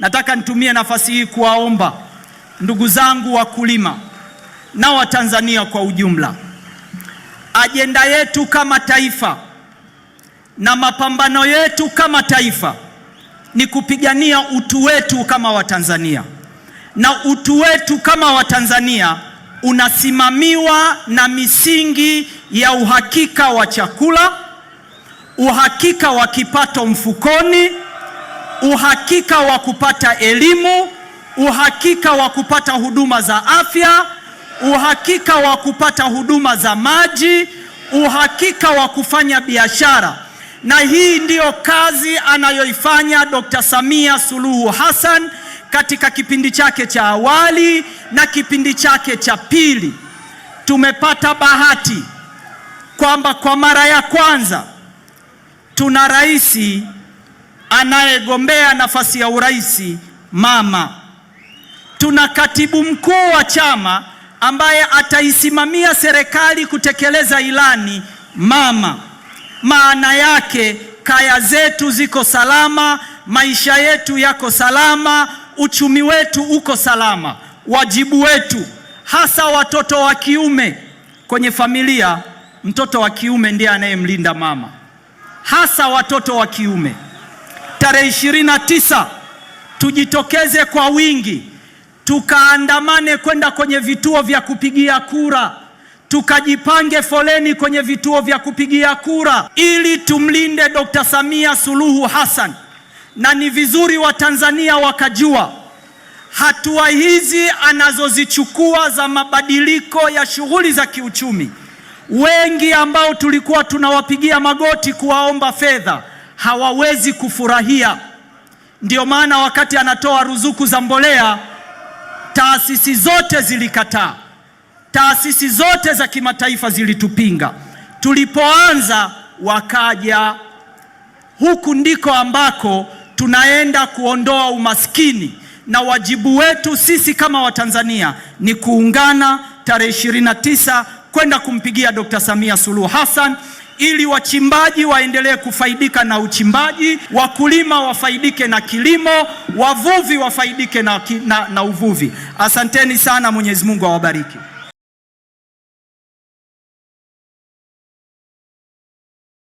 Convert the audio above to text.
Nataka nitumie nafasi hii kuwaomba ndugu zangu wakulima na Watanzania kwa ujumla, ajenda yetu kama taifa na mapambano yetu kama taifa ni kupigania utu wetu kama Watanzania, na utu wetu kama Watanzania unasimamiwa na misingi ya uhakika wa chakula, uhakika wa kipato mfukoni uhakika wa kupata elimu, uhakika wa kupata huduma za afya, uhakika wa kupata huduma za maji, uhakika wa kufanya biashara. Na hii ndiyo kazi anayoifanya Dr. Samia Suluhu Hassan katika kipindi chake cha awali na kipindi chake cha pili. Tumepata bahati kwamba kwa mara ya kwanza tuna rais anayegombea nafasi ya urais mama. Tuna katibu mkuu wa chama ambaye ataisimamia serikali kutekeleza ilani mama. Maana yake kaya zetu ziko salama, maisha yetu yako salama, uchumi wetu uko salama. Wajibu wetu hasa watoto wa kiume kwenye familia, mtoto wa kiume ndiye anayemlinda mama, hasa watoto wa kiume tarehe 29 tujitokeze kwa wingi, tukaandamane kwenda kwenye vituo vya kupigia kura, tukajipange foleni kwenye vituo vya kupigia kura ili tumlinde Dr. Samia Suluhu Hassan. Na ni vizuri Watanzania wakajua hatua hizi anazozichukua za mabadiliko ya shughuli za kiuchumi, wengi ambao tulikuwa tunawapigia magoti kuwaomba fedha hawawezi kufurahia. Ndio maana wakati anatoa ruzuku za mbolea, taasisi zote zilikataa, taasisi zote za kimataifa zilitupinga. Tulipoanza wakaja. Huku ndiko ambako tunaenda kuondoa umaskini, na wajibu wetu sisi kama Watanzania ni kuungana tarehe 29 kwenda kumpigia Dr. Samia Suluhu Hassan ili wachimbaji waendelee kufaidika na uchimbaji, wakulima wafaidike na kilimo, wavuvi wafaidike na, na, na uvuvi. Asanteni sana. Mwenyezi Mungu awabariki.